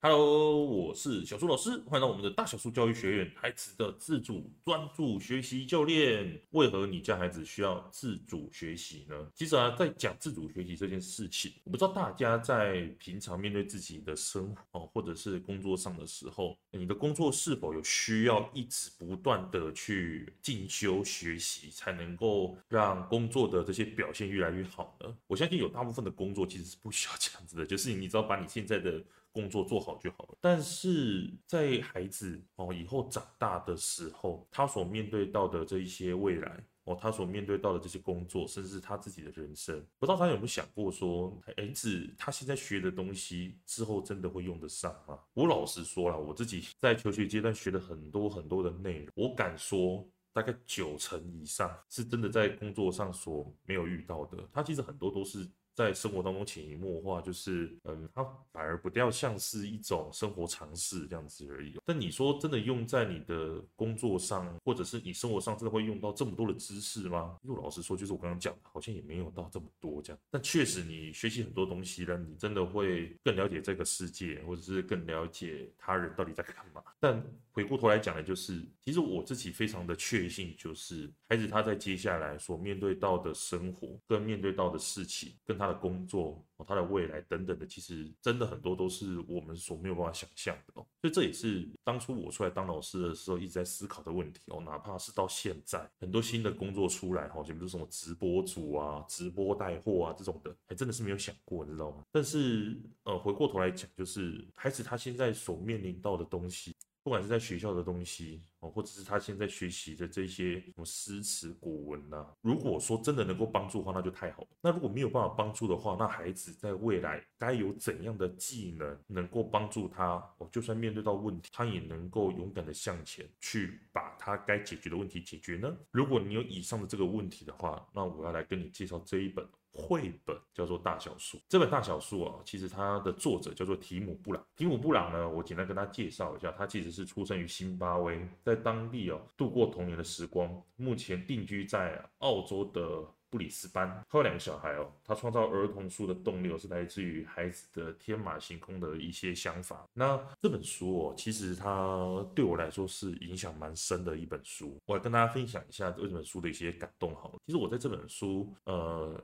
Hello，我是小樹老師，歡迎到我們的大小樹教育學院，孩子的自主專注學習教練。為何你家孩子需要自主學習呢？其實啊，在講自主學習這件事情，我不知道大家在平常面對自己的生活或者是工作上的時候，你的工作是否有需要一直不斷的去進修學習，才能夠讓工作的這些表現越來越好呢？我相信有大部分的工作其實是不需要這樣子的，就是你只要把你現在的工作做好就好了，但是在孩子哦以後長大的時候，他所面對到的這一些未來哦，他所面對到的這些工作，甚至他自己的人生，不知道他有沒有想過說，欸，兒子他現在學的東西之後真的會用得上嗎？我老實說了，我自己在求學階段學了很多很多的內容，我敢說大概九成以上是真的在工作上所沒有遇到的。他其實很多都是。在生活當中潛移默化，就是嗯，它反而不掉，像是一種生活常識這樣子而已。但你說真的用在你的工作上，或者是你生活上，真的會用到這麼多的知識嗎？因為老實說，就是我剛剛講的，好像也沒有到這麼多這樣。但確實，你學習很多東西呢，你真的會更了解這個世界，或者是更了解他人到底在幹嘛。但回過頭來講呢，就是其實我自己非常的確信，就是孩子他在接下來所面對到的生活，跟面對到的事情，跟他的工作、他的未來等等的，其實真的很多都是我們所沒有辦法想象的哦。所以這也是當初我出來當老師的時候一直在思考的問題哦。哪怕是到現在，很多新的工作出來哦，就比如什麼直播主啊、直播帶貨啊這種的，還真的是沒有想過，你知道嗎？但是呃，回過頭來講，就是孩子他現在所面臨到的東西。不管是在學校的東西哦，或者是他現在學習的這些什麼詩詞古文吶、啊，如果說真的能夠幫助的話，那就太好了。那如果沒有辦法幫助的話，那孩子在未來該有怎樣的技能能夠幫助他哦？就算面對到問題，他也能夠勇敢地向前去把他該解決的問題解決呢？如果你有以上的這個問題的話，那我要來跟你介紹這一本。繪本叫做《大小樹》。這本《大小樹》啊，其實它的作者叫做提姆·布朗。提姆·布朗呢，我簡單跟他介紹一下，他其實是出生於辛巴威，在當地哦度過童年的時光。目前定居在澳洲的布里斯班，他有兩個小孩哦。他創造兒童書的動力是來自於孩子的天馬行空的一些想法。那這本書哦，其實它對我來說是影響蠻深的一本書。我來跟大家分享一下這本書的一些感動好了。其實我在這本書，呃。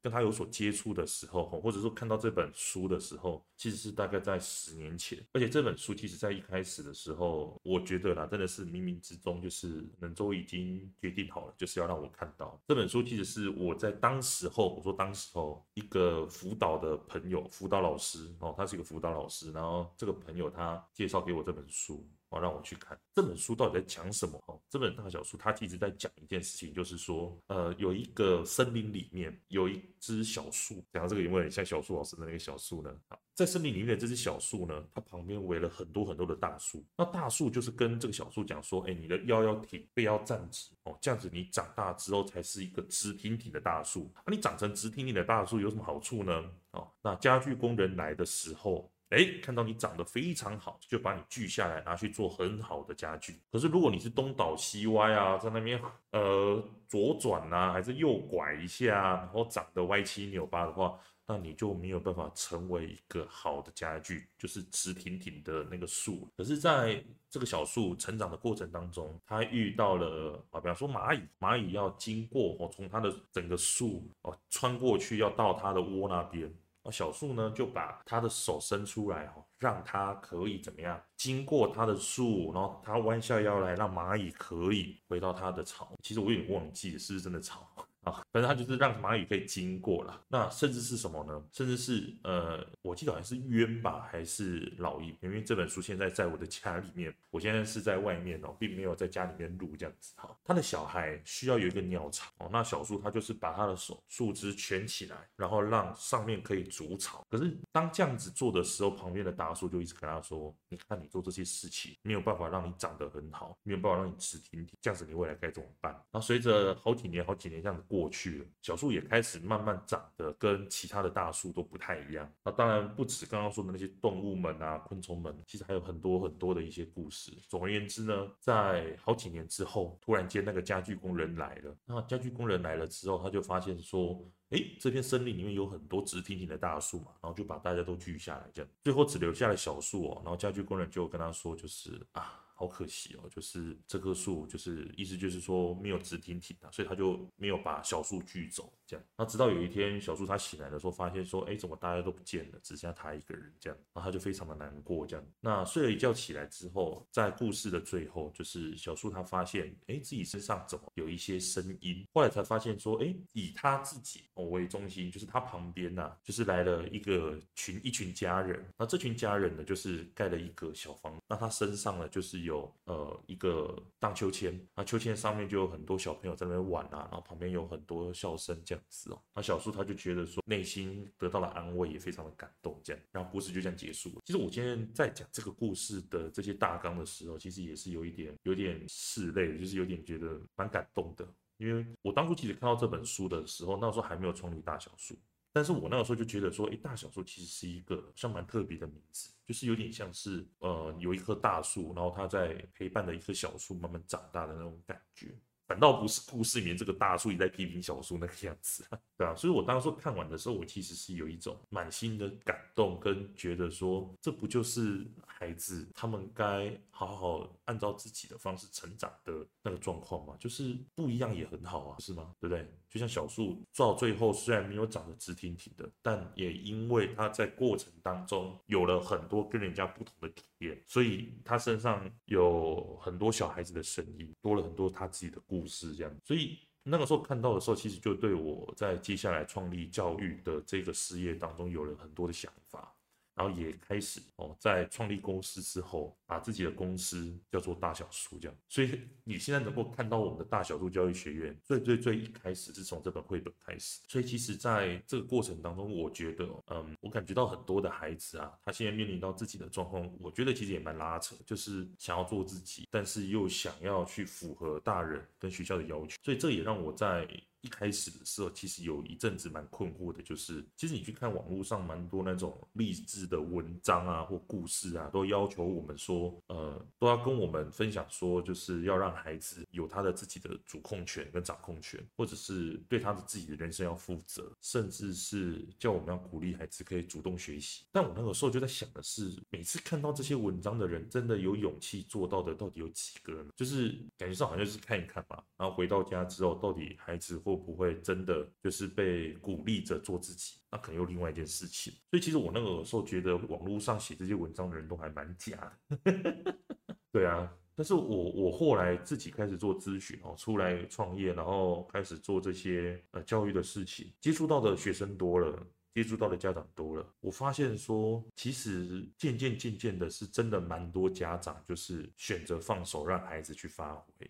跟他有所接觸的時候，或者說看到這本書的時候，其實是大概在十年前。而且這本書，其實在一開始的時候，我覺得呢，真的是冥冥之中就是能周已經決定好了，就是要讓我看到這本書。其實是我在當時候，我說當時候一個輔導的朋友，輔導老師哦，他是一個輔導老師，然後這個朋友他介紹給我這本書。好，讓我去看這本書到底在講什麼。哦，這本大小樹它其實在講一件事情，就是說，呃，有一個森林裡面有一只小樹，講到這個有沒有點像小樹老師的那個小樹呢，在森林裡面的這只小樹呢，它旁邊圍了很多很多的大樹，那大樹就是跟這個小樹講說，哎，你的腰要挺，背要站直，哦，這樣子你長大之後才是一個直挺挺的大樹。那、啊、你長成直挺挺的大樹有什麼好處呢？哦，那家具工人來的時候。哎，看到你長得非常好，就把你鋸下來拿去做很好的家具。可是如果你是東倒西歪啊，在那邊呃左轉啊，還是右拐一下，然後長得歪七扭八的話，那你就沒有辦法成為一個好的家具，就是直挺挺的那個樹。可是在這個小樹成長的過程當中，它遇到了啊，比方說螞蟻，螞蟻要經過哦，從它的整個樹哦穿過去，要到它的窩那邊。小樹呢，就把他的手伸出來，哦，讓他可以怎麼樣？經過他的樹，然後他彎下腰來，讓螞蟻可以回到他的巢。其實我有點忘記，是不是真的巢。啊，可是他就是讓螞蟻可以經過了，那甚至是什麼呢？甚至是呃，我記得好像是鳶吧，還是老鷹？因為這本書現在在我的家裡面，我現在是在外面哦，並沒有在家裡面錄這樣子。哈，他的小孩需要有一個鳥巢哦、啊，那小樹他就是把他的手樹枝捲起來，然後讓上面可以築巢。可是當這樣子做的時候，旁邊的大樹就一直跟他說：“你看你做這些事情，沒有辦法讓你長得很好，沒有辦法讓你直挺挺，這樣子你未來該怎麼辦？”然後隨着好幾年好幾年這樣子。過去了，小樹也開始慢慢長得跟其他的大樹都不太一樣。那當然不止剛剛說的那些動物們啊、昆蟲們，其實還有很多很多的一些故事。總而言之呢，在好幾年之後，突然間那個家具工人來了。那家具工人來了之後，他就發現說，誒，這片森林裡面有很多直挺挺的大樹嘛，然後就把大家都鋸下來，這樣最後只留下了小樹哦。然後家具工人就跟他說，就是啊。好可惜哦，就是這棵樹，就是意思就是說沒有直挺挺的、啊，所以他就沒有把小樹鋸走。這樣，那直到有一天小樹他醒來的時候，發現說，哎、欸，怎麼大家都不見了，只剩下他一個人這樣，然後他就非常的難過這樣。那睡了一覺起來之後，在故事的最後，就是小樹他發現，哎、欸，自己身上怎麼有一些聲音，後來才發現說，哎、欸，以他自己為中心，就是他旁邊吶、啊，就是來了一個群一群家人，那這群家人呢，就是蓋了一個小房，那他身上呢，就是有。有呃，一個盪秋千，那秋千上面就有很多小朋友在那邊玩啊，然後旁邊有很多笑聲這樣子哦。那小樹他就覺得說內心得到了安慰，也非常的感動這樣。然後故事就這樣結束了。其實我今天在講這個故事的這些大綱的時候，其實也是有一點有一點拭淚，就是有點覺得蠻感動的。因為我當初其實看到這本書的時候，那時候還沒有創立大小樹，但是我那個時候就覺得說，誒，大小樹其實是一個算蠻特別的名字。就是有點像是，呃，有一棵大樹，然後它在陪伴着一棵小樹慢慢長大的那種感覺。反倒不是故事裡面這個大樹也在批評小樹那個樣子，對啊，所以我當時看完的時候，我其實是有一種滿心的感動，跟覺得說，這不就是孩子他們該好好按照自己的方式成長的那個狀況嗎？就是不一樣也很好啊，是嗎？對不對？就像小樹做到最後雖然沒有長得直挺挺的，但也因為他在過程當中有了很多跟人家不同的體驗，所以他身上有很多小孩子的身影，多了很多他自己的故。故事這樣，所以那個時候看到的時候，其實就對我在接下來創立教育的這個事業當中有了很多的想法，然後也開始哦，在創立公司之後，把自己的公司叫做大小樹這樣，所以你現在能夠看到我們的大小樹教育學院，最最最一開始是從這本繪本開始，所以其實在這個過程當中，我覺得，嗯，我感覺到很多的孩子啊，他現在面臨到自己的狀況，我覺得其實也蠻拉扯，就是想要做自己，但是又想要去符合大人跟學校的要求，所以這也讓我在一開始的時候，其實有一陣子蠻困惑的，就是其實你去看網絡上蠻多那種勵志的文章啊或故事啊，都要求我們說。說、嗯、呃，都要跟我們分享，說就是要讓孩子有他的自己的主控權跟掌控權，或者是對他的自己的人生要負責，甚至是叫我們要鼓勵孩子可以主動學習。但我那個時候就在想的是，每次看到這些文章的人，真的有勇氣做到的到底有幾個呢？就是感覺上好像就是看一看嘛。然後回到家之後，到底孩子會不會真的就是被鼓勵着做自己？那可能有另外一件事情。所以其實我那個時候覺得，網絡上寫這些文章的人都還蠻假的。 對啊，但是我我後來自己開始做諮詢哦，出來創業，然後開始做這些呃教育的事情，接觸到的學生多了，接觸到的家長多了，我發現說，其實漸漸漸漸的是真的蠻多家長就是選擇放手讓孩子去發揮，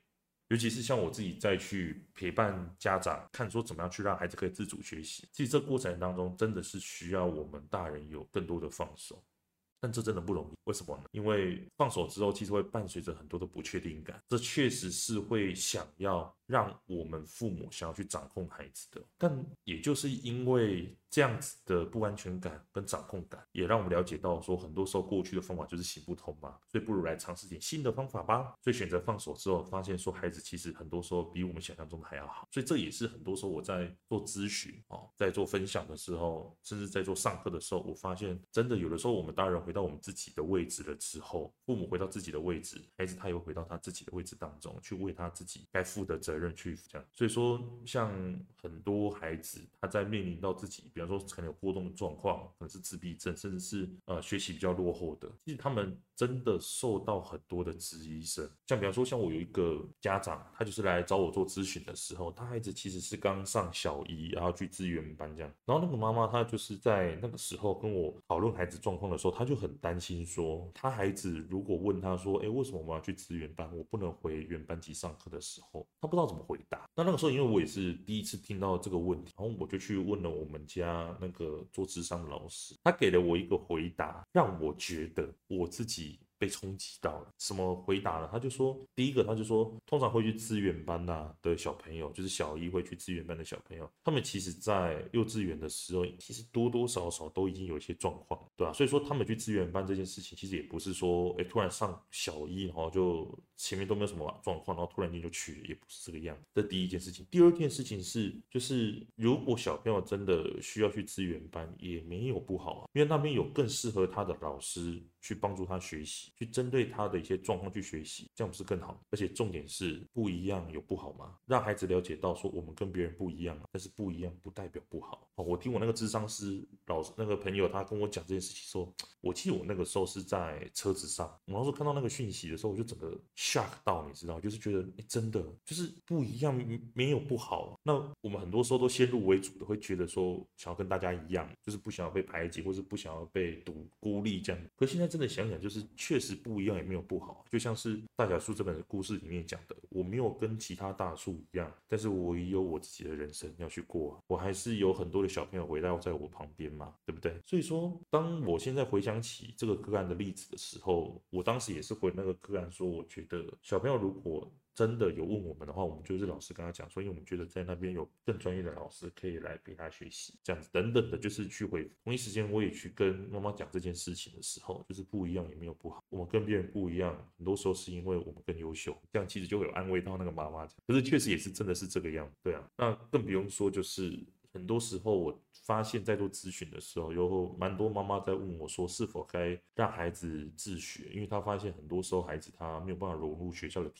尤其是像我自己再去陪伴家長，看說怎麼樣去讓孩子可以自主學習，其實這過程當中真的是需要我們大人有更多的放手。但這真的不容易，為什麼呢？因為放手之後，其實會伴隨着很多的不確定感，這確實是會想要。讓我們父母想要去掌控孩子的，但也就是因為這樣子的不安全感跟掌控感，也讓我們了解到說，很多時候過去的方法就是行不通嘛，所以不如來嘗試點新的方法吧。所以選擇放手之後，發現說孩子其實很多時候比我們想象中的還要好。所以這也是很多時候我在做諮詢哦，在做分享的時候，甚至在做上課的時候，我發現真的有的時候我們大人回到我們自己的位置了之後，父母回到自己的位置，孩子他又回到他自己的位置當中，去為他自己該負的責任。去這樣，所以說像很多孩子，他在面臨到自己，比方說可能有過動的狀況，可能是自閉症，甚至是呃學習比較落後的，其實他們真的受到很多的質疑聲。像比方說，像我有一個家長，他就是來找我做諮詢的時候，他孩子其實是剛上小一，然後去資源班這樣。然後那個媽媽她就是在那個時候跟我討論孩子狀況的時候，她就很擔心說，他孩子如果問他說，誒、欸，為什麼我要去資源班，我不能回原班級上課的時候，他不知道。怎麼回答？那那個時候，因為我也是第一次聽到這個問題，然後我就去問了我們家那個做諮商的老師，他給了我一個回答，讓我覺得我自己。被衝擊到了，什麼回答呢？他就說，第一個他就說，通常會去資源班吶、啊、的小朋友，就是小一會去資源班的小朋友，他們其實，在幼稚園的時候，其實多多少少都已經有一些狀況，對啊，所以說他們去資源班這件事情，其實也不是說，哎，突然上小一然後就前面都沒有什麼狀況，然後突然間就去了，也不是這個樣子。這第一件事情，第二件事情是，就是如果小朋友真的需要去資源班，也沒有不好啊，因為那邊有更適合他的老師去幫助他學習。去針對他的一些狀況去學習，這樣不是更好的？而且重點是不一樣有不好嗎？讓孩子了解到說我們跟別人不一樣，但是不一樣不代表不好。哦，我聽我那個諮商師老那個朋友他跟我講這件事情，說，我記得我那個時候是在車子上，然後說看到那個訊息的時候，我就整個 shock 到，你知道，就是覺得真的就是不一樣沒有不好。那我們很多時候都先入為主的會覺得說想要跟大家一樣，就是不想要被排擠，或是不想要被獨孤立這樣。可現在真的想想，就是確。確實不一樣，也沒有不好。就像是大小樹這本故事裡面講的，我沒有跟其他大樹一樣，但是我也有我自己的人生要去過。我還是有很多的小朋友圍繞在我旁邊嘛，對不對？所以說，當我現在回想起這個個案的例子的時候，我當時也是回那個個案說，我覺得小朋友如果。真的有問我們的話，我們就是老師跟他講說，因為我們覺得在那邊有更專業的老師可以來陪他學習，這樣子等等的，就是去回復。同一時間，我也去跟媽媽講這件事情的時候，就是不一樣也沒有不好。我們跟別人不一樣，很多時候是因為我們更優秀，這樣其實就會有安慰到那個媽媽講。可是確實也是，真的是這個樣子，對啊。那更不用說，就是很多時候我發現，在做諮詢的時候，有蠻多媽媽在問我說，是否該讓孩子自學？因為她發現很多時候孩子他沒有辦法融入學校的。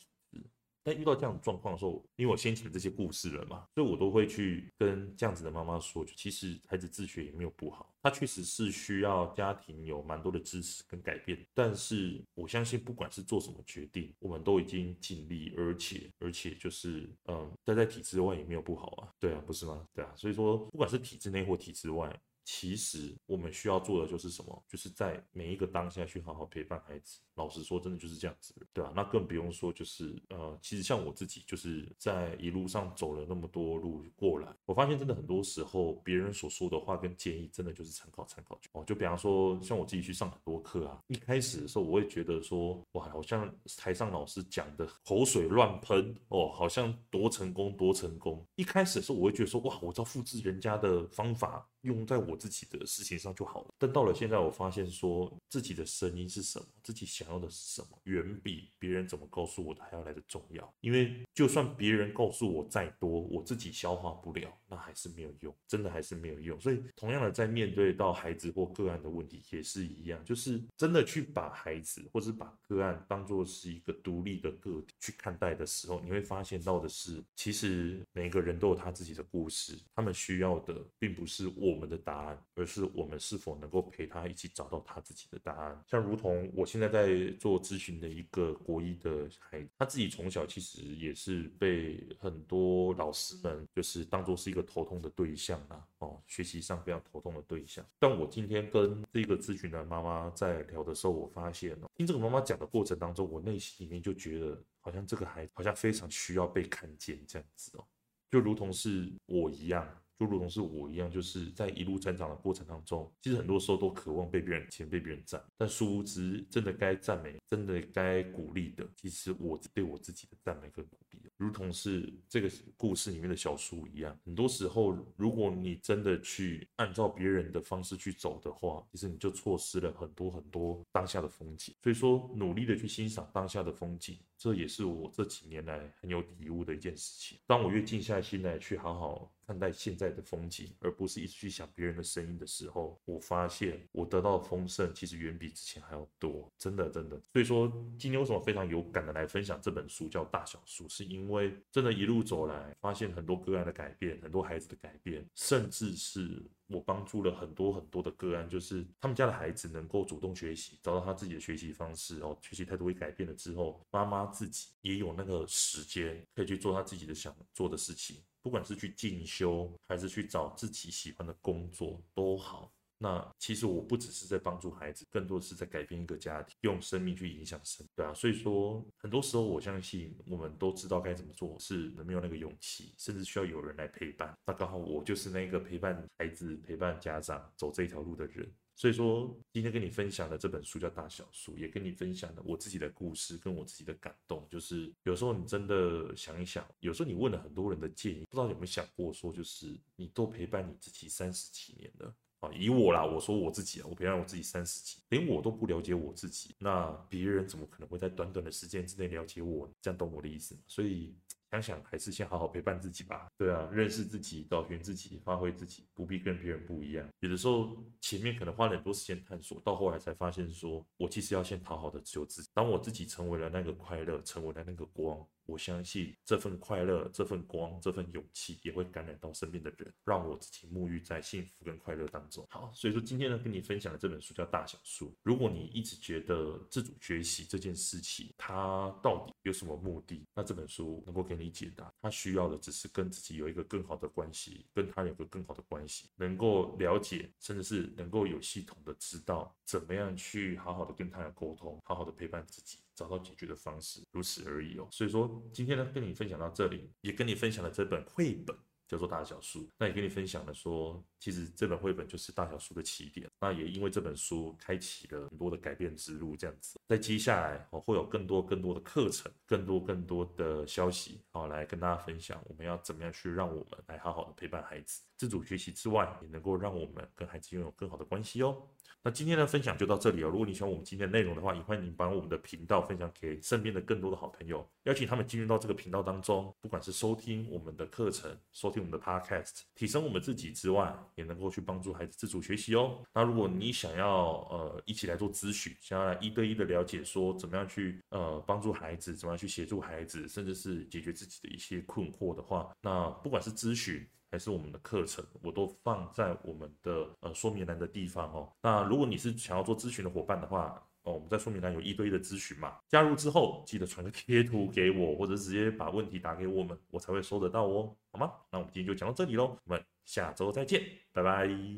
但遇到這樣的狀況的時候，因為我先前這些故事了嘛，所以我都會去跟這樣子的媽媽說，就其實孩子自學也沒有不好，他確實是需要家庭有蠻多的支持跟改變。但是我相信，不管是做什麼決定，我們都已經盡力，而且而且就是嗯，待、呃、在體制外也沒有不好啊，對啊，不是嗎？對啊，所以說不管是體制內或體制外，其實我們需要做的就是什麼，就是在每一個當下去好好陪伴孩子。老實說，真的就是這樣子，對吧？那更不用說，就是呃，其實像我自己，就是在一路上走了那麼多路過來，我發現真的很多時候，別人所說的話跟建議，真的就是參考參考哦。就比方說，像我自己去上很多課啊，一開始的時候，我會覺得說，哇，好像台上老師講的口水亂噴哦，好像多成功多成功。一開始的時候，我會覺得說，哇，我只要複製人家的方法用在我自己的事情上就好了。但到了現在，我發現說，自己的聲音是什麼，自己想。想要的是什麼，遠比別人怎麼告訴我的還要來的重要。因為就算別人告訴我再多，我自己消化不了，那還是沒有用，真的還是沒有用。所以，同樣的，在面對到孩子或個案的問題也是一樣，就是真的去把孩子或是把個案當作是一個獨立的個體去看待的時候，你會發現到的是，其實每個人都有他自己的故事，他們需要的並不是我們的答案，而是我們是否能夠陪他一起找到他自己的答案。像如同我現在在。做諮詢的一個國一的孩子，他自己從小其實也是被很多老師們就是當做是一個頭痛的對象啊。哦，學習上非常頭痛的對象。但我今天跟這個諮詢的媽媽在聊的時候，我發現哦，聽這個媽媽講的過程當中，我內心裡面就覺得好像這個孩子好像非常需要被看見這樣子哦，就如同是我一樣。就如同是我一樣，就是在一路成長的過程當中，其實很多時候都渴望被別人錢被別人讚，但殊不知真的該讚美、真的該鼓勵的，其實我對我自己的讚美跟鼓勵。如同是這個故事裡面的小樹一樣，很多時候，如果你真的去按照別人的方式去走的話，其實你就錯失了很多很多當下的風景。所以說，努力的去欣賞當下的風景，這也是我這幾年來很有體悟的一件事情。當我越靜下心來去好好看待現在的風景，而不是一直去想別人的聲音的時候，我發現我得到的豐盛其實遠比之前還要多，真的真的。所以說，今天為什麼非常有感的來分享這本書，叫《大小樹》，是因為。因為真的，一路走來，發現很多個案的改變，很多孩子的改變，甚至是我幫助了很多很多的個案，就是他們家的孩子能夠主動學習，找到他自己的學習方式，然後學習態度也改變了之後，媽媽自己也有那個時間可以去做他自己的想做的事情，不管是去進修，還是去找自己喜歡的工作，都好。那其實我不只是在幫助孩子，更多的是在改變一個家庭，用生命去影響生命，對啊。所以說，很多時候我相信我們都知道該怎麼做，是沒有那個勇氣，甚至需要有人來陪伴。那剛好我就是那個陪伴孩子、陪伴家長走這一條路的人。所以說，今天跟你分享的這本書叫《大小樹》，也跟你分享了我自己的故事，跟我自己的感動。就是有時候你真的想一想，有時候你問了很多人的建議，不知道有沒有想過說，就是你都陪伴你自己三十七年了。以我啦，我說我自己，啊，我陪伴我自己三十集，連我都不了解我自己，那別人怎麼可能會在短短的時間之內了解我呢？這樣懂我的意思嗎？所以想想還是先好好陪伴自己吧。對啊，認識自己，找尋自己，發揮自己，不必跟別人不一樣。有的時候前面可能花了很多時間探索，到後來才發現說，說我其實要先討好的只有自己。當我自己成為了那個快樂，成為了那個光，我相信這份快樂、這份光、這份勇氣也會感染到身邊的人，讓我自己沐浴在幸福跟快樂當中。好，所以說今天呢，跟你分享的這本書叫《大小樹》。如果你一直覺得自主學習這件事情，它到底有什麼目的？那這本書能夠給你解答。它需要的只是跟自己有一個更好的關係，跟他有一個更好的關係，能夠了解，甚至是能夠有系統的知道怎麼樣去好好的跟他人溝通，好好的陪伴自己。找到解決的方式，如此而已哦。所以說，今天呢，跟你分享到這裡，也跟你分享了這本繪本。叫做大小樹，那也跟你分享了說，其實這本繪本就是大小樹的起點。那也因為這本書開啟了很多的改變之路，這樣子，在接下來我、哦、會有更多更多的課程，更多更多的消息，好、哦、來跟大家分享，我們要怎麼樣去讓我們來好好的陪伴孩子自主學習之外，也能夠讓我們跟孩子擁有更好的關係哦。那今天的分享就到這裡哦。如果你喜歡我們今天的內容的話，也歡迎把我們的頻道分享給身邊的更多的好朋友，邀請他們進入到這個頻道當中，不管是收聽我們的課程，收聽。我們的 Podcast，提升我們自己之外，也能夠去幫助孩子自主學習哦。那如果你想要呃一起來做諮詢，想要來一對一的了解，說怎麼樣去呃幫助孩子，怎麼樣去協助孩子，甚至是解決自己的一些困惑的話，那不管是諮詢還是我們的課程，我都放在我們的呃說明欄的地方哦。那如果你是想要做諮詢的夥伴的話，哦，我們在說明欄有一堆的諮詢嘛，加入之後記得傳個貼圖給我，或者直接把問題打給我們，我才會收得到哦，好嗎？那我們今天就講到這裡嘍，我們下周再見，拜拜。